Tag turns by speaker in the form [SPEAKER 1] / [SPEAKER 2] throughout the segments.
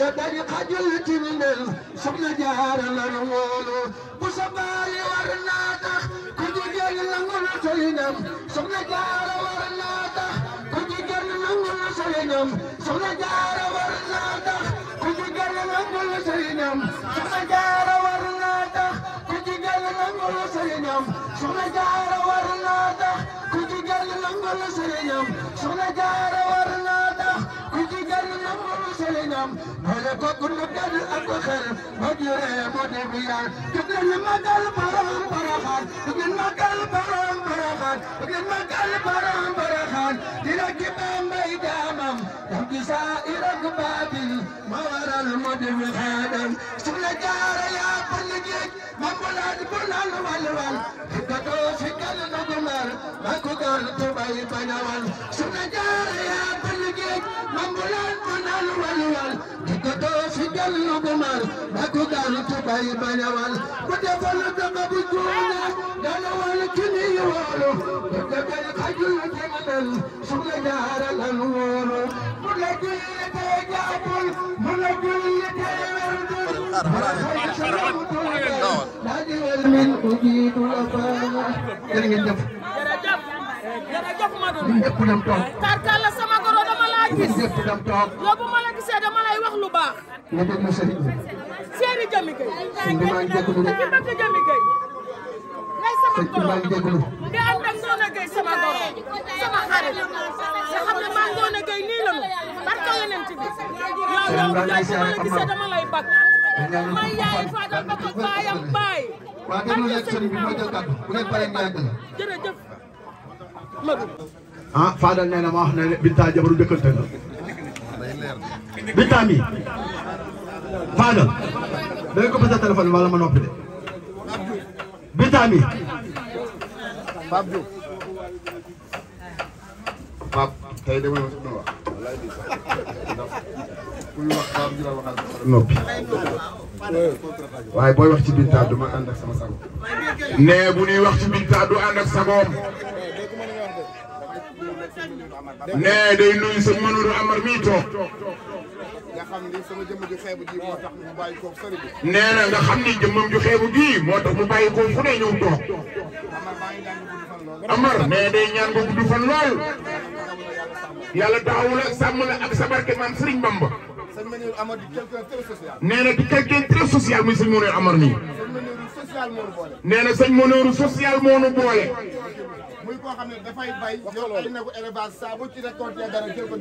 [SPEAKER 1] te dañu xajul ci mbindéef soxna jaara la nu wóolu bu sa baay war naa tax ku jigéen nangul sëriñam soxna jaara war naa tax ku jigéen nangul sëriñam soxna jaara war naa tax ku jigéen nangul sëriñam soxna jaara war naa tax ku jigéen nangul sëriñam soxna jaara war naa tax ku jigéen nangul sëriñam soxna jaara borom boole ko gundu gën ak ko xel boo juree mu def yar jóg leen magal borom baraxaan jóg leen magal borom baraxaan jóg leen magal borom baraxaan dina ki bambay daamam dam gi saa irak baatin ma waral mu def xaadam soxna jaara yaa pël géej ma bulaat bulal walwal dikkatoo fi kal nagumar ma ku gar tubay bañawal soxna jaara dal lu bu mar ba ko dal tu bay bañ a wal bu defal lu dama di juuna dana wal ki ni yoolu bu defal xajul ci man su la jaara lan woolu mu la julli te jaabul mu la julli te werdul la diwal min ujiitu afaana jërë ngeen jëf
[SPEAKER 2] jërëjëf ma doon ñëpp dem toog tarkal la sama goro gis
[SPEAKER 3] loolu
[SPEAKER 2] ma wax lu baax.
[SPEAKER 3] nga dégg ma Serigne Gueye.
[SPEAKER 2] Serigne Jami Gueye.
[SPEAKER 1] sëñ bi maa ngi jégalu. ki maa ngi jégalu.
[SPEAKER 2] nga ànd ak Ngoné Gueye sama goro. sama xarit.
[SPEAKER 1] may yaay Fadal ba ko baayam baay.
[SPEAKER 4] waa déglu leen Serigne ah Fadal nee na ma wax ne Binta jabaru dëkkante la Binta mi Fadal dañ ko pasa de Binta mi
[SPEAKER 5] Pape noppi waaye booy wax ci Binta ma ànd sama sago nee bu ñuy wax ci Binta du ànd nee day nuyu sëñ Mamadou Amar mii toog. nga xam ni sama jëmm ju xeebu ji moo nee na nga xam ni jëmmam ju xeebu ji moo tax mu bàyyi koo fu ne ñëw toog. Amar nee day ñaan nga gudd fan lool. yàlla taxawu la sàmm la ak sa barke maam Serigne Bamba.
[SPEAKER 1] nee na di quelqu'un très social
[SPEAKER 5] muy sëñ Mamadou Amar mii. nee na sëñ Mamadou social moo nu muy koo xam ne dafay bay yor ay nagu élevage saa bu ci récolté dara jël ko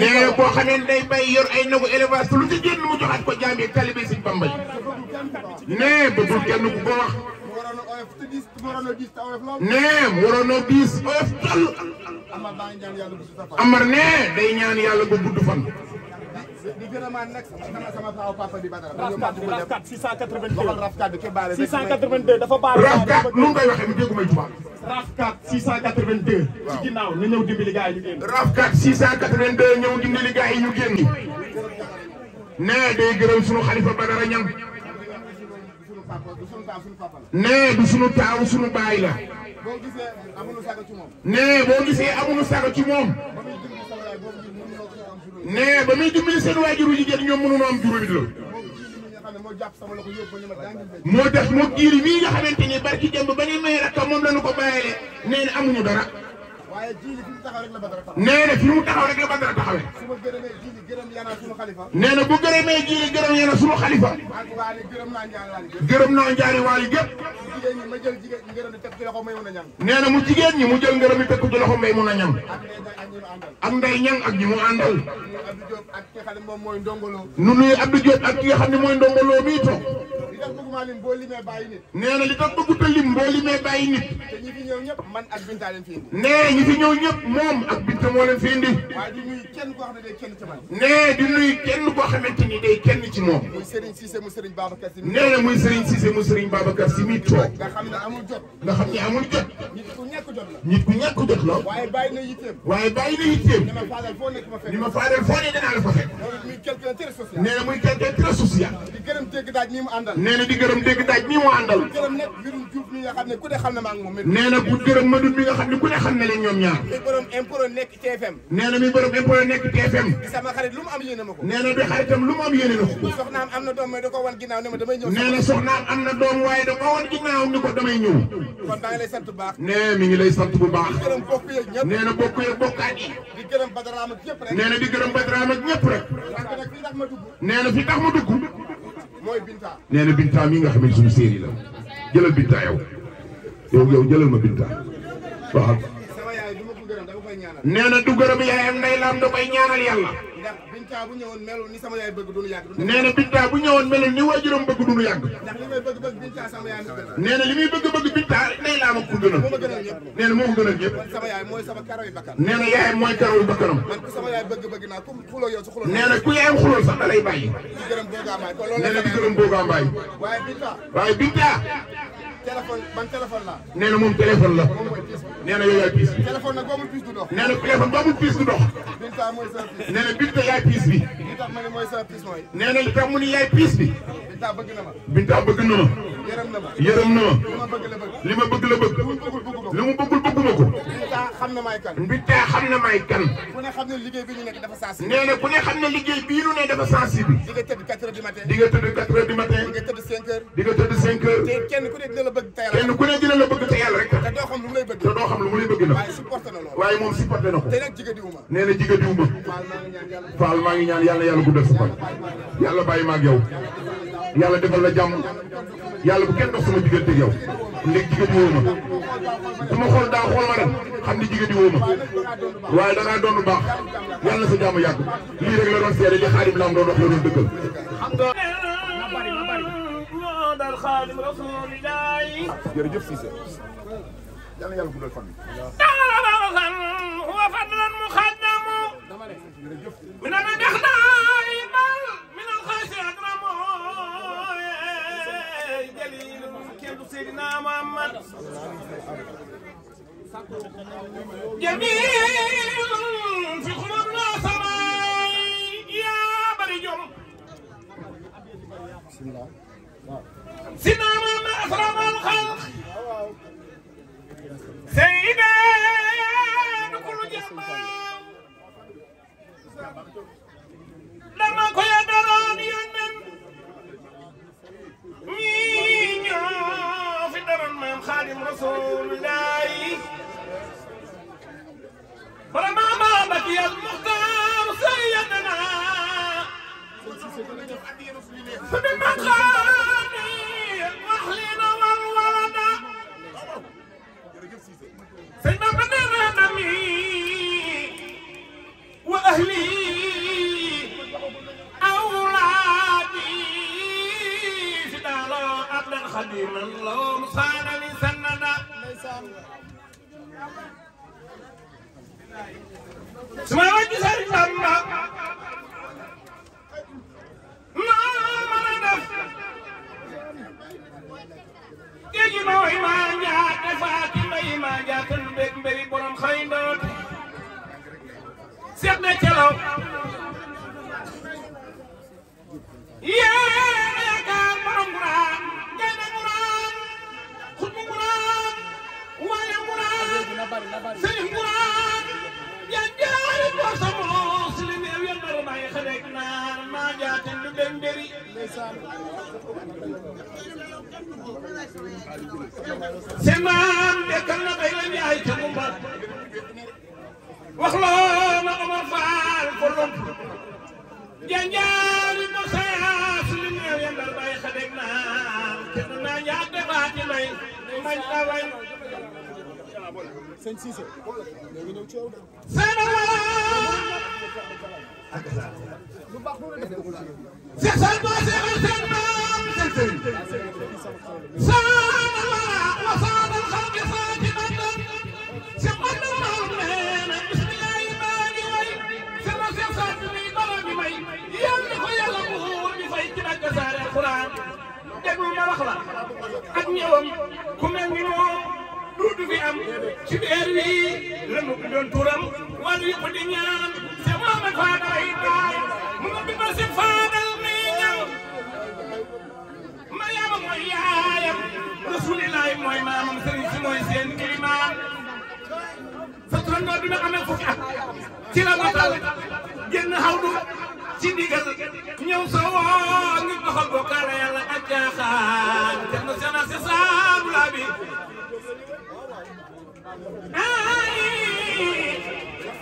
[SPEAKER 5] nee koo xam ne day bay yor ay nagu élevage lu ci génn mu joxaat ko jaam yi talibé Sëñ Bamba yi nee bëggul kenn ku ko wax nee mu waroon a diis oyof tal amar nee day ñaan yàlla bu gudd fan li gën a maan nag sama sama faaw papa di Badara. Rafkat 682 waxal Rafkat bi baale. 682 dafa baale. Rafkat nu mu koy waxee mu déggu may tubaab. Rafkat 682. waaw ci ginnaaw na ñëw dimbali gars yi ñu génn. Rafkat 682 ñëw dimbali gars yi ñu génn. nee day gërëm sunu xalifa Badara ñam. nee du sunu taaw sunu baay la. nee boo gisee amuñu saga ci moom. nee ba muy dimbali seen yi jigéen ñoom mënuñoo am juróomi loolu. moo tax moo giir mii nga xamante ni barki jëmb ba ñuy may rakk moom la ñu ko bàyyile nee na amuñu dara. nee na fi mu taxaw rek la Badara taxawee. nee na bu gërëmee jiili gërëm yéen a sunu xalifa. gërëm naa njaari waali gépp. nee na mu jigéen ñi mu jël ngërëm yi teg ko ci loxo may mun a ñam. ak nday ñang ak ñi mu àndal. nu nuyu Abdou Diop ak ki nga xam ne mooy ndongoloo bii toog. nee na li tax bëggu ta lim boo limee bàyyi nit. nee na ñi fi ñëw ñëpp moom ak Binta moo leen fi indi. nee di nuyu kenn koo xamante ni day kenn ci moom. nee na muy Serigne Cissé mu Serigne Babacar si muy toog. nga xam ne amul jot. nit ku ñàkk jot la. nit ku ñàkk jot la. waaye bàyyi na yitteem. waaye bàyyi na yitteem. ni ma faadal foo nekk ma fekk. ni ma faadal foo ne danaa la fa fekk. nee na muy quelqu'un très social. di gërëm dégg daaj nii mu àndal. nee na di gërëm dégg daaj nii mu àndal. nee na ku gërëm Madou mi nga xam ne ku ne xam na leen ñoom ñoom ñaar. mi borom impro nekk TFM. nee na mi borom impro nekk TFM. sama xarit lu mu am yéene ma ko. nee na bi xaritam lu mu am yéene na ko. soxnaam am na doom mais da ko wan ginnaaw ne ma damay ñëw. nee na soxnaam am na doom waaye da ko wan ginnaawam ni ko damay ñëw. kon maa ngi lay sant bu baax. nee mi ngi lay sant bu baax. di gërëm bokk yeeg ñëpp. nee na bokk yeeg bokkaat yi. di gërëm badaraam ak ñëpp rek. nee na di gërëm badaraam ak ñëpp rek. nee na fi tax ma dugg. mooy Binta. nee na Binta mii nga xam ne suñu séeri la jëlal Binta yow yow yow jëlal ma Binta waaw nee na du gërëm yaayam ndey laam da koy ñaanal yàlla. ndax binta bu ñëwoon melul ni sama yaay bëgg duñu yàgg. yàgg. ndax li muy bëgg bëgg binta ndey laam ak gënal. nee moo ko gënal ñëpp. sama yaayam mooy karaw bëgg naa ku xuloo yow lay bàyyi. di gërëm boogaa mbaay. mbaay. waaye binta. téléphone ban téléphone la nee na moom téléphone la nee na yow yaay piis bi téléphone nag boobu piis du dox nee na piis du dox Binta piis nee na yaay piis bi li yaay piis bi Binta bëgg na ma. Binta bëgg na ma. yërëm na ma yërëm na ma. li ma bëgg la bëgg. li mu bëggul bëggu ma ko. Binta xam na may kan. Binta xam na may kan. ku ne xam ne liggéey bi ñu nekk dafa sensible. nee na ku ne xam ne liggéey bii ñu ne dafa sensible. di nga tëdd 4 heures du matin. di nga tëdd 4 heures du matin. di nga tëdd 5 heures. di nga tëdd 5 heures. te kenn ku ne dina la bëgg te yàlla. kenn ku ne dina la bëgg te yàlla rek. te doo xam lu mu lay bëgg. te doo xam lu mu lay bëgg na. waaye supporté na loolu. waaye moom supporté na ko. te nag jigadiwuma. nee na jigadiwuma. Fall maa ngi ñaan yàlla guddal sa fan. yàlla bàyyi ma ak yow yàlla defal la jàmm yàlla bu kenn dox sama diggante ak yow ndeg jigéen ñi
[SPEAKER 3] woo
[SPEAKER 5] ma xool daa xool ma rek xam ni jigéen ñi woo waaye da ngaa doon lu baax yàlla na jàmm yàgg lii rek la doon seede li xaadim laam doon wax la doon dëggal.
[SPEAKER 2] jalil kenn du Seydina Muhammad jamil fi xulub na samay yaa bari jom
[SPEAKER 3] Seydina
[SPEAKER 2] Muhammad asramal xalq
[SPEAKER 3] Seydina du kulu jàmbaar
[SPEAKER 2] ولما مامتي المختار سيدنا
[SPEAKER 5] فمن مقامي واهلنا والولد
[SPEAKER 2] سيدنا بدر نمي واهلي اولادي فدالا عبدا خديما اللهم صان لسننا su ma wàcc sëriñ Bamba
[SPEAKER 3] maa mën a def géej gi ma woy maa ñaate
[SPEAKER 2] faati mbay maa jaatal mbéeg mbéri borom xëy ndoot seet na celaw semaam dekkal na bay la njaay ca Mumbar
[SPEAKER 3] wax loo na Omar Fall ko
[SPEAKER 2] lomp janjaari mo sayaas bay xadeg naan te nu naa njaag de may mañ away ci weer wi la mu bindoon turam wàllu yëpp di ñaan
[SPEAKER 3] rasulilaay mooy
[SPEAKER 2] maamam sëriñ si mooy seen ilimaan sa turandoo bi ma amee fukki
[SPEAKER 3] at ci la matal génn xawdu ci ndigal ñëw sa woo
[SPEAKER 2] ngi doxal bokkaale yàlla ak jaaxaan te no sena si saabula bi
[SPEAKER 3] ay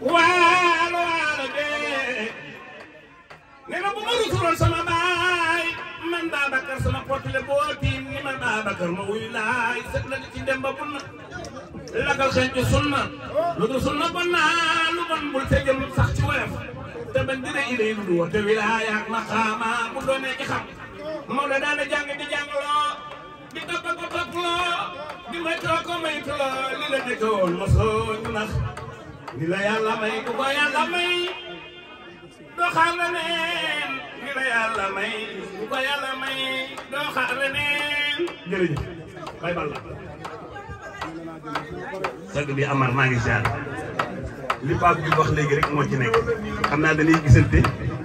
[SPEAKER 2] waalo waalo dee nee na bu ma rusuloon sama baay man Babacar sama potile boo tiim ni man Babacar ma wuyu laay sët la ci dem ba bunna lagal xeeñ ci sunna lu dul sunna bon naa lu bon sax ci woyof te ban dina ilay lu dul wote wilaaya ak maqaama bu doonee ci xam Maodo daan na jàng di jàng loo di topp ko loo di may too ko may too li la dëkkoon mosoo ñu nax li la yàlla may ku ko yàlla may doo xaar leneen li la yàlla may ku ko yàlla may doo xaar leneen jërëjëf bay bal tagg bi Amar maa ngi jaar li Pape bi wax léegi rek moo ci nekk xam naa dañuy gisante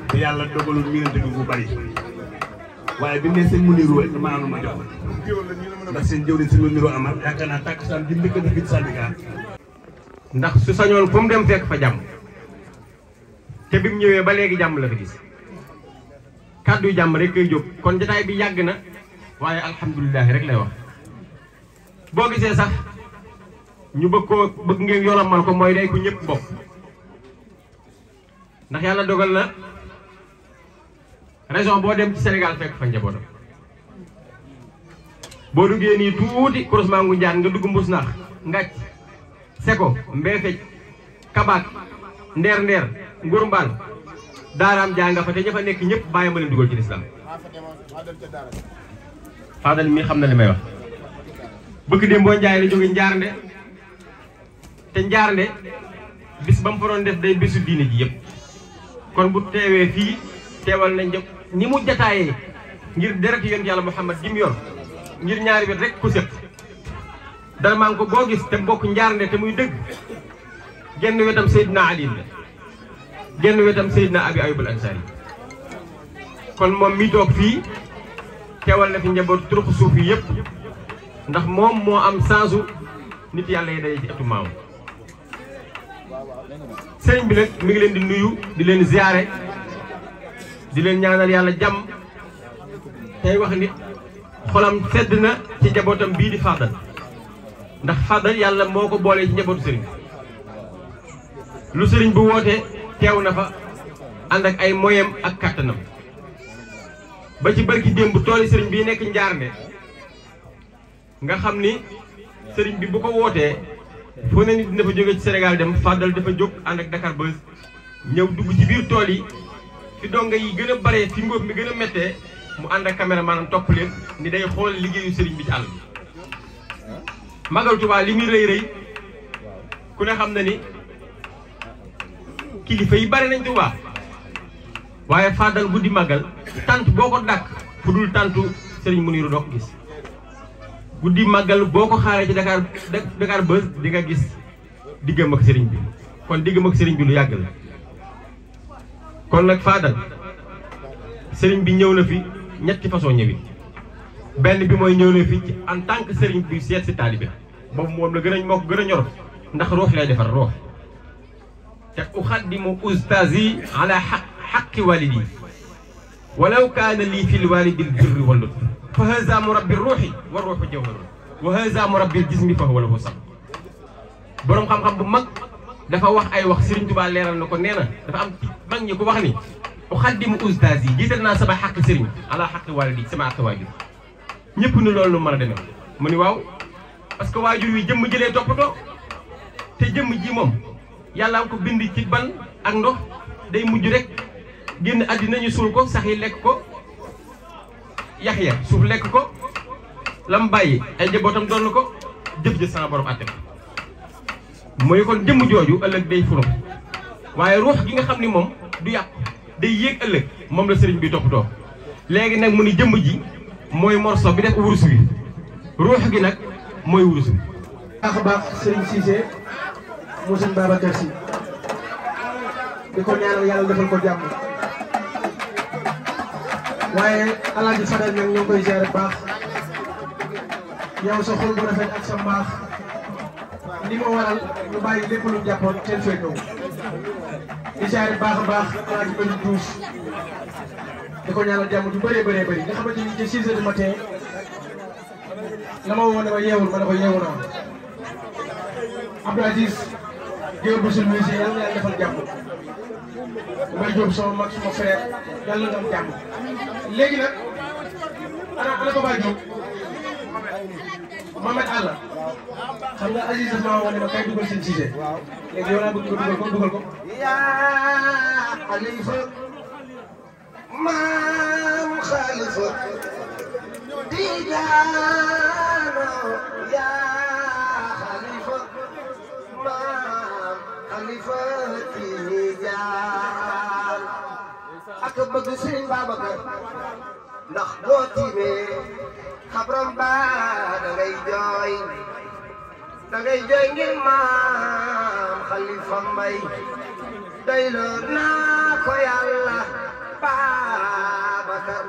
[SPEAKER 2] te yàlla dogalul miinante bi bu bari waaye bi ne seen muniru rek
[SPEAKER 4] dama am ma jox ndax seen jëwriñ seen muniru Amar yaakaar naa tàkk saan bi njëkk a dugg ci ndax su sañoon fu mu dem fekk fa jàmm te bi mu ñëwee ba léegi jàmm la fi gis kàddu jàmm rek jóg kon jotaay bi yàgg na waaye alhamdulilah rek lay wax. boo gisee sax ñu bëgg koo bëgg ngeen yolomal ko mooy day ku ñëpp bopp ndax yàlla dogal na région boo dem ci Sénégal fekk fa njabootam boo duggee nii tuuti croisement ngu njaan nga dugg mbus naax ngàcc. seko mbeefej kabaak ndeer ndeer ngur mbaan daaraam jaa nga fa te ña fa nekk ñëpp baa ma leen dugal ci lislaam faadal mi xam na li may wax bëgg dem boo njaay la jóge njaarnde te njaarnde bis ba mu fa doon def day bisu diine ji yëpp kon bu teewee fii teewal nañ jëpp ni mu jataayee ngir deret yoon yàlla muhammad gi mu yor ngir ñaari wet rek ku sëq dara maa ngi ko boo gis te mbokk njaarnde te muy dëgg genn wetam Seydina Ali la genn wetam Seydina Abi Ayyub al Ansari kon moom mi toog fii teewal na fi njaboot turuq suuf yépp ndax moom moo am sansu nit yàlla yi daje ci atu maam bi nag mi ngi leen di nuyu di leen ziyaare di leen ñaanal yàlla jàmm tey wax ni xolam sedd na ci njabootam bii di Fadal ndax fadal yàlla moo ko boolee ci njabootu sëriñ lu sëriñ bu wootee teew na fa ànd ak ay moyem ak kàttanam ba ci barki démb tooli sëriñ bi nekk njaarnde nga xam ni sëriñ bi bu ko wootee foo ne nit dina fa jóge ci Sénégal dem fadal dafa jóg ànd ak Dakar Buzz ñëw dugg ci biir tool yi fi donga yi gën a bare fi mi gën a méttee mu ànd ak caméra maanaam topp leen ni day xool liggéeyu sëriñ bi ci àll magal Touba li muy rëy rëy ku ne xam na ni kilifa yi bari nañ Touba waaye fàddal guddi magal tant boo ko dàkk fu dul tantu Serigne Mounirou dox gis guddi magal boo ko xaaree ci Dakar Dakar Buzz di nga gis diggam ak sëriñ bi kon diggam ak Serigne bi lu yàgg la kon nag fàddal Serigne bi ñëw la fi ñetti façon ñëwi benn bi mooy ñëw na fii ci en tant que sëriñ bi seet si taalibe boobu moom la gën a moo ko a ñor ndax roof lay defar roof te uxaddimu ustaasi walidi walaw kaana lii fi lwalidi lbirri wal lutf fa haza murabbi ruuxi wa ruuxu jawharun wa haza murabbi jismi fa huwa lahu sax boroom xam-xam bu mag dafa wax ay wax Sëriñ Tuubaa leeral na ko nee na dafa am mag ñi ko wax ni uxaddimu ustaasi jiital naa sama xaqi sëriñ ala xaqi walidi sama ak ñëpp ni loolu mën a demee mu ni waaw parce que waajur wi jëm ji lay toppatoo te jëmm ji moom yàllaa ko bind ci ban ak ndox day mujj rek génn àddina ñu suul ko sax yi lekk ko yax ya suuf lekk ko lam bàyyi ay njabootam doon ko jëf ji a borom àtte mooy kon jëmm jooju ëllëg day furam waaye ruux gi nga xam ni moom du yàqu day yéeg ëllëg moom la sëriñ bi toppatoo léegi nag mu ni jëmm ji mooy morso bi def wurus bi ruux gi nag mooy wurus bi. baax a baax Serigne Cissé mu sëñ Babacar Sy di ko ñaanal yàlla defal ko jàmm waaye alaaji Fadel nag ñoo ngi koy ziare baax yow sa xol bu rafet ak sa mbaax li ma waral ñu bàyyi lépp lu jàppoon teel fee di ziare baax a baax alaaji Malick Diouf di ko ñaanal jàmm ju bëree bëree bëri nga xamante ni ci 6 heures du matin la ma woo ne ma yeewul ma ne ko yeewu naa Abdou Aziz Guèye Boussine Moussa yàlla na yàlla defal jàmm am ne ma kay dugal seen Cissé léegi yow naa bëgg nga dugal ko dugal
[SPEAKER 6] maam xalifa di daano yaa xalifa maam xalifa di jaan ak bëgg Sëriñ Babacar ndax boo tiimee xabram ba da ngay jooy da ngay jooy ngir maam xalifa mbay day loo naa ko yàlla Babacar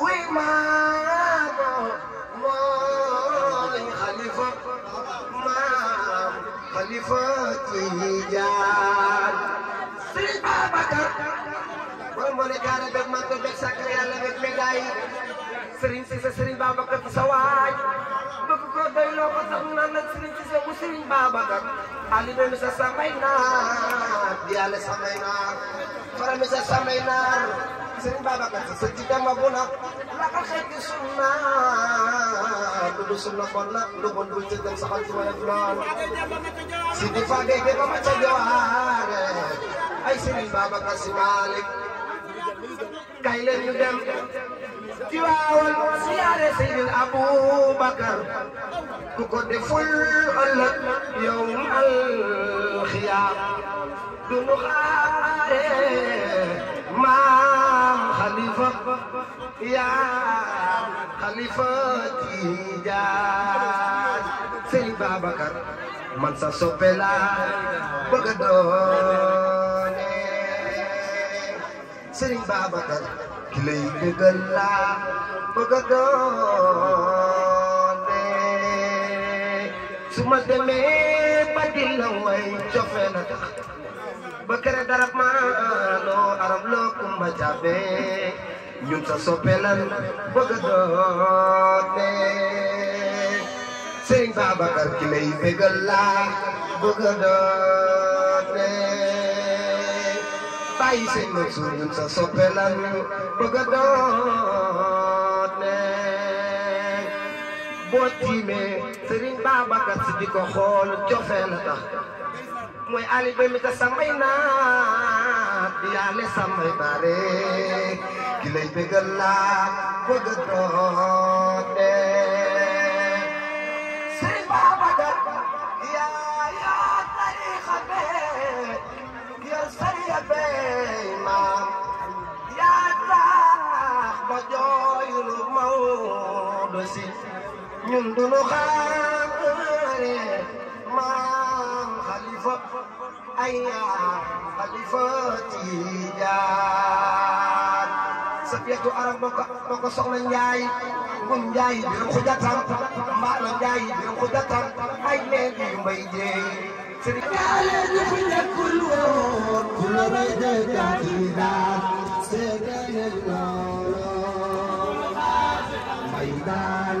[SPEAKER 6] wuy maama mooy xalifa maam xalifa Tijaan Sëriñ Babacar borom moo ne gaara bég màgg bég sàkk yàlla bég médaay Sëriñ si sa Sëriñ Babacar sa waa ànd ak Serigne Cissé mu Serigne Babacar ali doomi sa samay naar di ale samay naar farami sa samay naar Serigne Babacar sa sëcc dama bu na laka xekki sunna du du sunna kon na du bon bul ci dem saxal ci wala lool si di fa dégg ba ma ca jowaare ay Serigne Babacar si Malick
[SPEAKER 3] kay leen ñu dem ci waawal
[SPEAKER 6] siyaare Seydina Aboubacar ku ko deful ëllëg du nu xaare maam xalifa yaa xalifa Tijaan Serigne Babacar man sa soppe laa bëgg a
[SPEAKER 5] ki lay dëggal
[SPEAKER 6] laa bëgg a doonee su ma demee ba di la way cofe la tax ba kere darab maanoo arab loo kumba jaabee ñun sa soppe lan bëgg a doonee Sëriñ Babacar ki lay dëggal laa bëgg a doonee bàyyi seen ma su sa soppe lañu bëgg a doon ne boo tiimee Sëriñ Babacar Si di ko xool cofee la tax mooy ali ba mi ta samay naat di yaale samay bare ki lay bëggal laa bëgg a ñun du nu xaaree maam xalifa ay yaar xalifa Tijaan sa peetu arab moo ko moo ko soxla Njaay moom Njaay birum xuja tam mbaalo Njaay birum xuja tam ay leegi mbay
[SPEAKER 1] jeey sëriñ Njaay ñu fi nekkul woon ku la bay de Tijaan seede leen loolu mbay
[SPEAKER 3] daal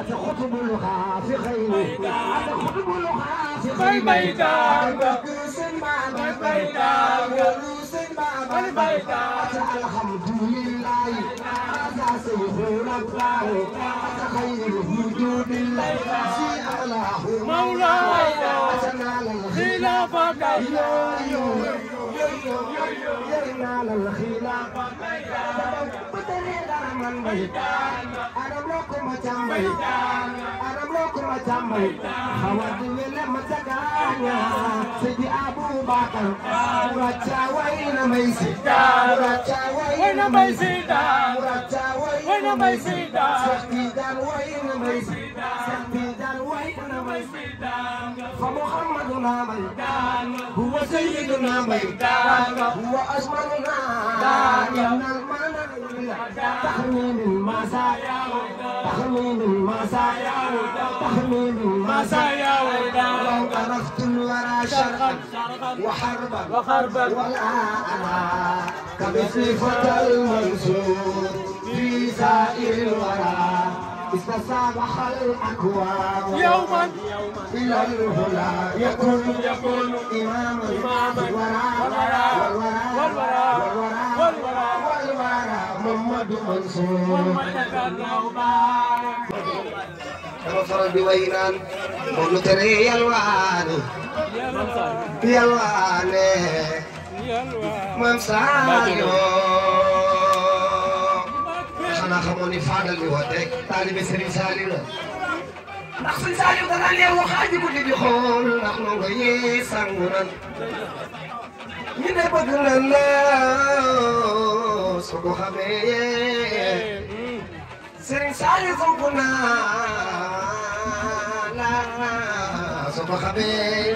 [SPEAKER 3] أتخطب اللقاء في خير
[SPEAKER 1] أتخطب اللقاء في خير بيتان
[SPEAKER 2] بكوس
[SPEAKER 6] ما
[SPEAKER 3] بيتان ولوس
[SPEAKER 1] ما بيتان الحمد لله هذا سيكون الله أتخير وجود الله في أعلاه مولاي أتنال الخلافة يا يا يا
[SPEAKER 3] يا يا
[SPEAKER 1] يا يا يا
[SPEAKER 3] يا
[SPEAKER 6] man mbay arab loo ko ma càmbay arab loo ko ma càmbay xawa di wele ma tagaaña sidi abubakar muracca wayna may sida muracca wayna may sida muracca wayna may sida sax ki daan wayna may sida فمحمدنا من هو
[SPEAKER 2] سيدنا من هو أجملنا إن
[SPEAKER 1] المنع تحمي من ما سايا تحمي من ما سايا
[SPEAKER 6] تحمي من ما سايا لو
[SPEAKER 1] عرفت الورى شرقا
[SPEAKER 6] وحربا والآن
[SPEAKER 3] كمثل فتى المنصور في سائر الورى
[SPEAKER 6] استسامح
[SPEAKER 1] الأكوان يوما
[SPEAKER 6] إلى الهلا يكون يكون
[SPEAKER 1] إماما والوراء والوراء والوراء والوراء محمد منصور
[SPEAKER 6] dama faral di way naan moom lu tere yalwaane yalwaane maam Sadio xanaa xamoon ni faadal mi woote rek taalibe Serigne Saliou la ndax Serigne Saliou da ne bëgg nan la su xamee Serigne Saliou soo la su xamee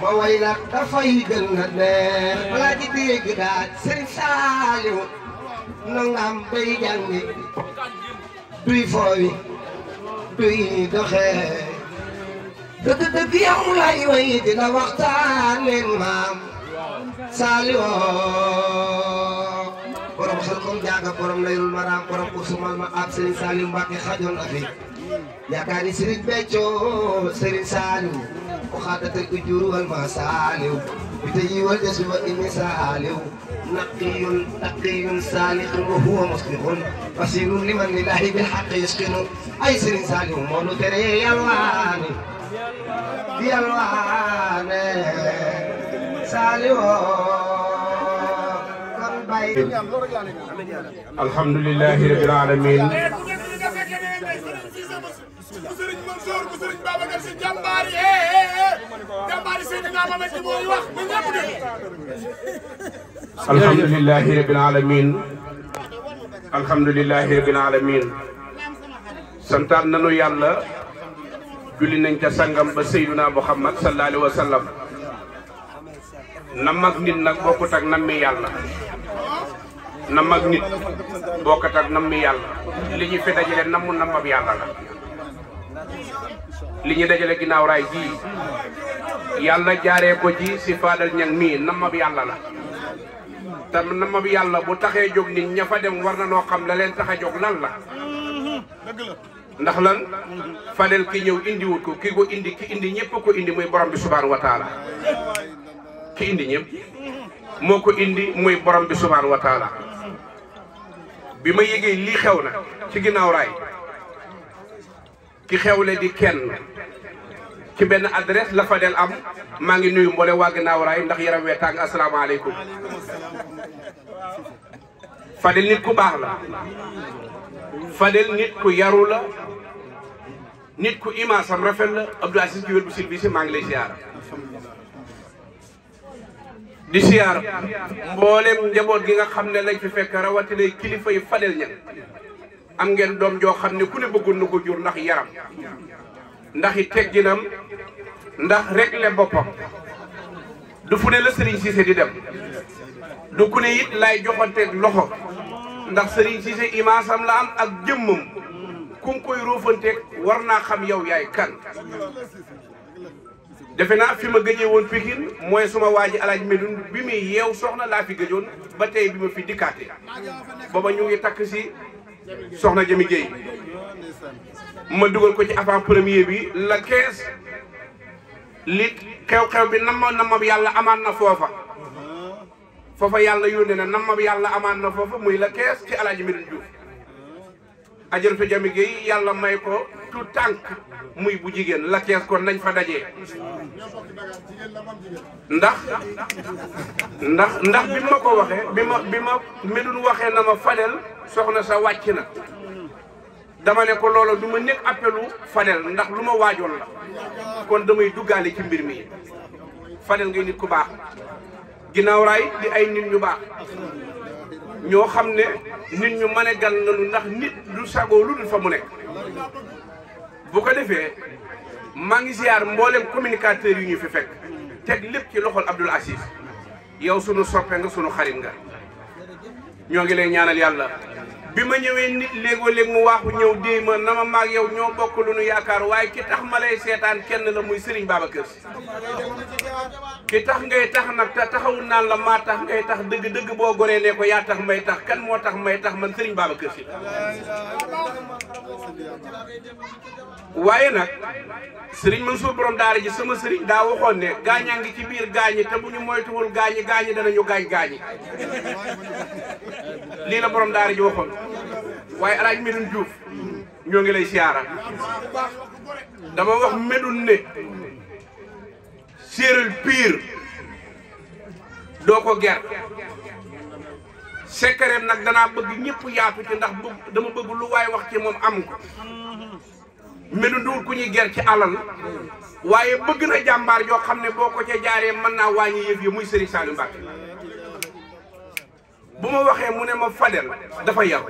[SPEAKER 6] ma way la dafay gën a leer balaa ji dégg daal Serigne nangaam bay jàngi duy foowi duy doxee dëgg dëgg yow lay way dina waxtaan leen maam Saaliwoo borom xel kom jaaga borom layrul maraam borom kursumal ma ak Serigne Saliou Mbacke xajoon na fi yaakaar ni Serigne Béthio Serigne Saliou ko xaatatal ko jur wal ma Saliou بتجيب الاسود مثاله نقي تقي صالح وهو مصلح بصير لمن لله بالحق يسكن ايسر سالم مولو تري يلوان يلوان سالم
[SPEAKER 7] الحمد لله رب العالمين
[SPEAKER 2] bu sëriñ Mansour bu sëriñ eh, eh,
[SPEAKER 7] eh, yàlla julli nañ ca sangam ba sayyiduna Muhammad sallallahu alayhi wa nit nag bokkut ak nam yàlla nam nit bokkut ak nam yàlla li ñu fi dajale namu namab yàlla la li ñu dajale ginnaaw raay ji yàlla jaaree ko ji si faadal ñang mii namab yàlla la tam namab yàlla bu taxee jóg ni ñafa dem war na noo xam la leen tax a jóg lan la ndax lan fadel ki ñëw indiwut ko ki ko indi ki indi ñëpp ko indi muy borom bi subhaanahu wa taala ki indi ñëpp moo ko indi muy borom bi subhaanahu wa bi ma yégee lii xew na ci ginnaaw ki xewle di kenn ci benn adresse la fa am maa ngi nuyu mboole waa ginnaaw raay ndax yaram wee tàng asalaamaaleykum Fadel nit ku baax la Fadel nit ku yaru la nit ku imaasam rafet la Abdou Aziz Diwel bu Silbisi maa ngi lay siyaar di siyaar mboolem njaboot gi nga xam ne lañ fi fekk rawatina kilifa yi Fadel ña am ngeen doom joo xam ne ku ne bëggoon na ko jur ndax yaram ndax i tegginam ndax réglé boppam du fu ne la Serigne Cissé di dem du ku ne it laay joxanteeg loxo ndax Serigne Cissé imaasam la am ak jëmmam ku koy roofanteeg war naa xam yow yaay kan. defe naa fi ma gëjee woon Pikine mooy suma waa ji alaaj Medoune bi muy yeew soxna laa fi gëjoon ba tey bi ma fi dikkaate booba ñu ngi takk si. soxna Jami Gueye ma dugal ko ci avant premier bi la 15 li xew-xew bi nam ma namab yàlla amaan na foofa foofa yàlla yónnee na namab yàlla amaan na foofa muy la 15 ci alaaji Mbirin Diouf ajaratu Jami Gueye yàlla may ko tu tànk muy bu jigéen la kees kon nañ fa dajee ndax ndax ndax bi ma ko waxee bi ma bi ma mi dun waxee na ma Fadel soxna sa wàcc na dama ne ko loola du ma nekk appelu Fadel ndax lu ma waajoon la kon damay duggaale ci mbir mi Fadel ngay nit ku baax ginnaaw di ay nit ñu baax ñoo xam ne nit ñu mën a gan lañu ndax nit lu sagoo lu fa mu nekk bu ko defee maa ngi ziar mboolem communicateur yi ñu fi fekk teg lépp ci loxol Abdoul Aziz yow sunu soppe nga sunu xarit nga ñoo ngi lay ñaanal yàlla bi ma ñëwee nit léegoo léeg mu waaxu ñëw déy ma na ma maag yow ñoo bokk lu nu yaakaar waaye ki tax ma lay seetaan kenn la muy Serigne kër
[SPEAKER 1] Sy
[SPEAKER 7] ki tax ngay tax nag te taxawul naan la maa tax ngay tax dëgg-dëgg boo goree ne ko yaa tax may tax kenn moo tax may tax man Serigne Babacar Sy waaye nag Serigne Mansour borom daara ji sama Serigne daa waxoon ne gaañaa ngi ci biir gaañi te bu ñu moytuwul gaañi gaañi danañu gaañ gaañi lii na borom daara ji waxoon waaye alaaj Medoune Diouf ñoo ngi lay siyaara dama wax Medoune ne séeréer pire doo ko ger sekkareem nag danaa bëgg ñëpp yaatu ci ndax dama bëgg lu waay wax moom am ko Medoune duul ku ñuy ger ci alal waaye bëgg na jàmbaar joo xam ne boo ko ca jaaree mën naa wàññi yëf yi muy Serigne Saliou Mbacké bu ma waxee mu ne ma Fadel dafa yar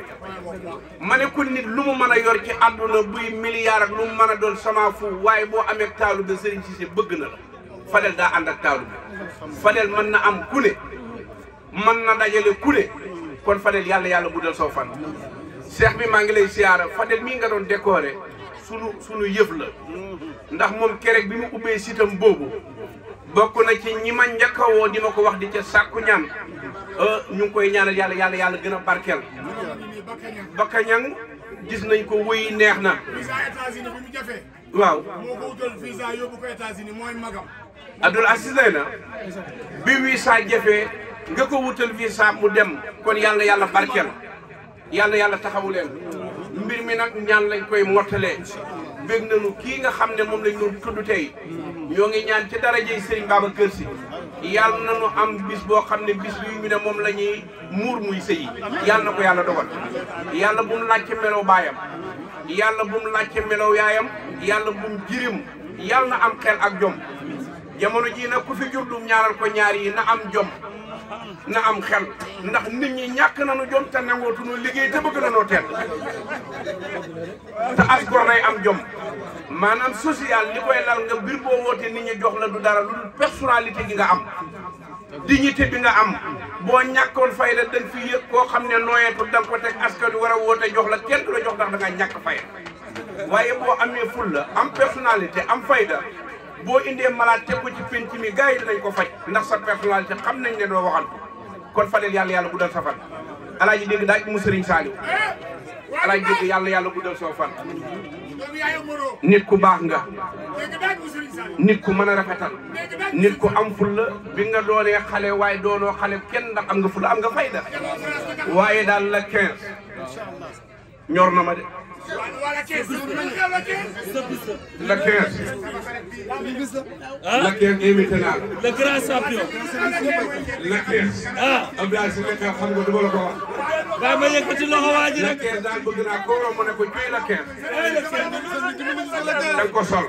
[SPEAKER 7] ma ne ko nit lu ma man a yor ci àdduna buy milliard ak lu mu mën a doon sama waaye boo amee taalu bi Serigne Cissé bëgg na la Fadel daa ànd ak Fadel mën na am kule mën na dajale kule kon Fadel yàlla yàlla guddal soo fan seex bi maa ngi lay siyaara Fadel mii nga doon décoré sunu sunu yëf la ndax moom keroog bi mu ubbee siitam boobu bokk na ci ñi ma njëkk a di ma ko wax di ca sàkku ñaan euh, ñu ngi koy ñaanal yàlla yàlla yàlla gën a barkeel bakka ñang gis nañ ko wuy neex na
[SPEAKER 5] waaw Abdoul Aziz
[SPEAKER 7] lay na bi visa jafee nga ko wutal visa mu dem kon yàlla yàlla barkeel yàlla yàlla taxawu leen mbir mi nag ñaan lañ koy mottalee na nañu kii nga xam ne moom lañ doon tudd tey ñoo ngi ñaan ci darajey Serigne Babacar Sy yàlla na ñu am bis boo xam ne bis bi ñu ne moom la ñuy muur mu sëyi yàlla na ko yàlla dogal yàlla na mu laajte melow baayam yàlla bu mu laajte melow yaayam yàlla bu mu jirim yàlla na am xel ak jom jamono ji nag ku jur du ñaaral ko ñaar yi na am jom na am xel ndax nit ñi na nañu jom te nangootuñu liggéey te bëgg na teel te as gor nay am jom maanaam social li koy lal nga mbir boo woote nit ñi jox la du dara lu personnalité gi nga am dignité bi nga am boo ñàkkoon fayda dañ fi yëg koo xam ne nooyeetu da nga ko teg askan war a woote jox la kenn la jox ndax da nga ñàkk fayda waaye boo amee ful am personnalité am fayda boo indee malaa teg ko ci penc mi ko faj ndax sa personnalité xam nañ ne doo waxantu kon Fadel yàlla yàlla guddal sa fan alaaji dégg daaj mu sëriñ Saliou alaaji dégg yàlla yàlla guddal soo fan nit ku baax nga nit ku mën a rafetal nit ku am fulla bi nga doonee xale waaye doonoo xale kenn ndax am nga fulla am nga da waaye daal la quinze ñor na ma de la 15. ah la 15 invité naa la. le
[SPEAKER 2] grand champion.
[SPEAKER 7] la a ah Abdoulaye nekk xam nga du ma la ko wax. waaye ma loxo waa ji rek. bëgg naa ko waroon ne ko cuy la
[SPEAKER 5] 15. da nga ko sol.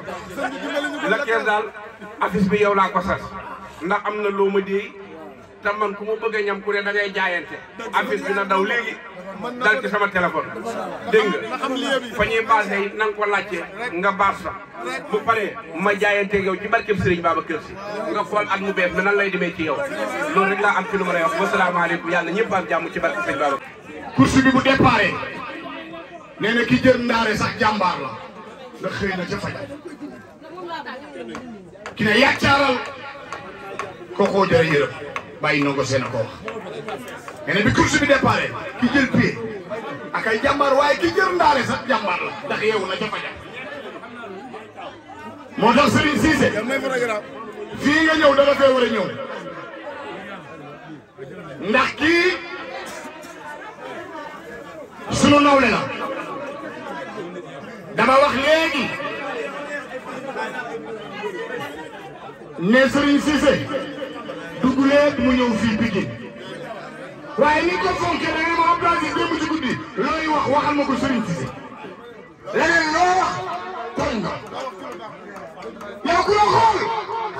[SPEAKER 5] la 15
[SPEAKER 7] daal affiche bi yow laa ko sas. ndax am na loo ma di te man ku mu bëgg a ñam ku ne da ngay bi na daw léegi. dal ci sama téléphone dégg nga fa ñuy baase yi na nga ko laajte nga baas sa bu paree ma jaayanteeg yow ci barkeb sëriñ Babacar Si nga xool at mu bees mi nan lay demee ci yow loolu rek laa am ci lu ma lay wax wasalaamaaleykum yàlla ñëpp am jàmm ci barke sëriñ Babacar
[SPEAKER 5] course bi bu déparé nee na ki jël ndaare sax jàmbaar la nga xëy na ca ki ne yaccaaral kookoo jërë yërëm bàyyi na ko nee na bi course bi déparé ki jël pied ak ay jàmbaar waaye ki jël ndaale sax jàmbaar la moo tax Serigne Cissé fii nga ñëw danga fee war a ñëw ndax kii nawle la dama wax léegi ne Serigne Cissé dugg mu ñëw fii Pikine waaye ni ko fonke da nga ma wax waxal ma ko Serigne Cissé leneen loo wax tooñ yow ku la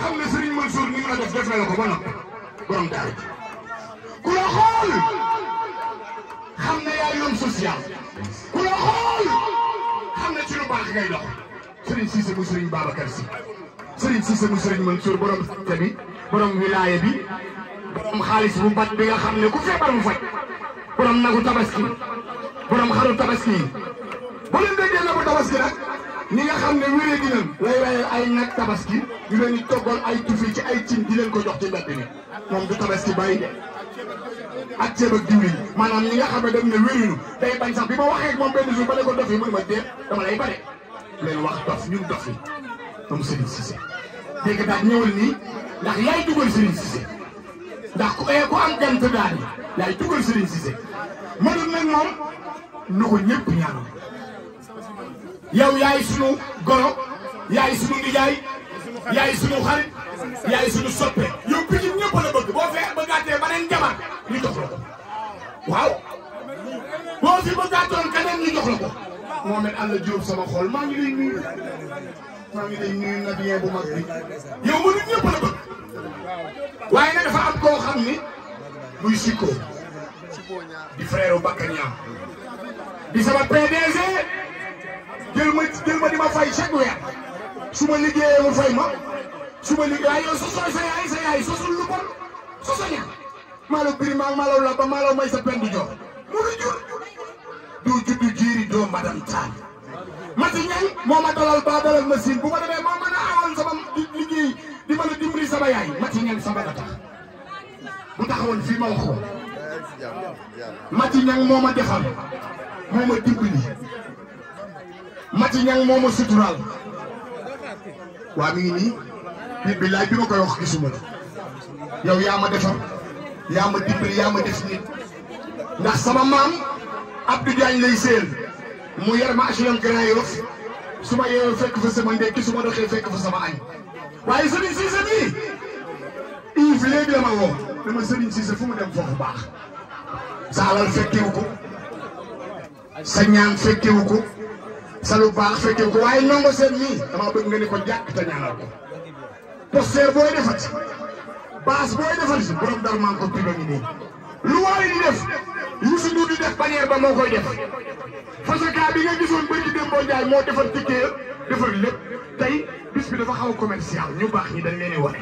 [SPEAKER 5] xam ne Serigne Mansour ni mu la def def na la ko ba noppi borom daara ji ku la xam ne yaa yoon social ku la xam ne ci lu baax ngay dox Serigne Cissé mu Serigne Babacar Sy Serigne Cissé mu Serigne Mansour borom te bi borom wilaya bi. borom xaalis bu bat bi nga xam ne ku feebar mu faj borom nagu tabaski borom xaru tabaski yi bu leen déggee nagu tabaski nag ñi nga xam ne wéree dinañ lay rayal ay nag tabaski yu leen di toggal ay tufi ci ay cin di leen ko jox ci mbedd mi moom du tabaski bàyyi de ak ceeb ak diwlin maanaam ñi nga xam ne dem ne wérinu day bañ sax bi ma waxee moom benn jour ba ne ko dof yi mu ne ma déet dama lay bare leen wax dof ñun dof yi moom Serigne Cissé dégg daal ñëwal nii ndax ku eh, ku am gant daane yaay dugal Serigne Cissé mënul nag moom nu ko ñëpp ñaanal yow yaay sunu goro yaay sunu nijaay yaay sunu xarit yaay sunu soppe yow bi ñëpp la bëgg boo fee bëggaatee beneen jabar ñu jox la waaw boo fi bëggaatoon keneen ñu jox la ko moom it sama xol maa ngi lay nuyu maa ngi bu mag bi yow mënul ñëpp la bëgg. waaye nag dafa am koo xam ni muy Siko di frère Bakka Niang di sama PDG jël ma di ma fay chaque su ma liggéeyee mu fay ma su ma liggéey waaye yow sosooy sa yaay sosul lu bon soso ña maalo birima la ba maalo may sa pendu mu nu du juddu doo madam Mati Ñaŋ moo ma dalal ba dalal machine bu ma demee moo mën a awal sama liggéey di mën a dimbali sama yaay Mathiñal sama la tax bu taxawoon fii ma wax ko Mathiñal moo ma defal moo ma dimbali Mathiñal moo ma suturaal waa mi ngi nii nit bi laaj bi ma koy wax gisuma la yow yaa ma defar yaa ma dimbali yaa ma def nit ndax sama maam Abdou Diagne lay seel mu yar ma HLM Grand Yoff su ma yeewoo fekk fa sama ndekki su ma doxee fekk fa sama añ. waaye Serigne Cissé bii Yves léegi la ma woo dama Serigne Cissé fu mu dem foofu baax sa alal fekkewu ko sa ñaan fekkewu ko sa lu baax fekkewu ko waaye nongo seen mii dama bëgg nga ne ko jàkk te ñaanal ko poster booy defati baas booy defati borom dara maa ko tuddee ngi nii lu waay di def Youssou Ndour di def bannière ba moo koy def fasaka bi nga gisoon bëri ci Demba Ndiaye moo defar tikkee defal lépp tey bis bi dafa xaw a commercial ñu baax ñi dañ leen di wane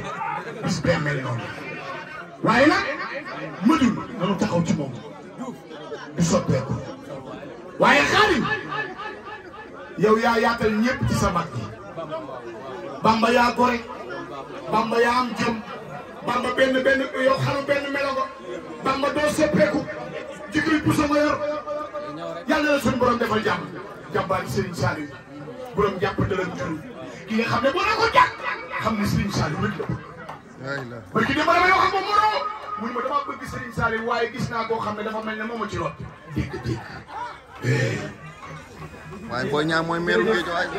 [SPEAKER 5] bis bee waaye nag mënuñ dañu taxaw ci moom di soppeeku waaye xaarim yow yaa yaatal ñëpp ci sa mag bamba yaa gore bamba yaa am jëm bamba benn benn yow xaru benn melogo bamba doo soppeeku jigéen bu sama yor yàlla na suñu borom defal jàmm jàmbaari Serigne borom jàpp dara jur ki nga xam ne boo ko jàpp xam ne Serigne Saliou rek la bëgg. parce que dama damay wax ak moom Morou. mu ne ma dama bëgg Serigne Saliou waaye gis naa koo xam ne dafa mel ne moom a ci rot. dégg dégg.
[SPEAKER 3] Eh. waaye boo ñaa mooy meeru géej waaye.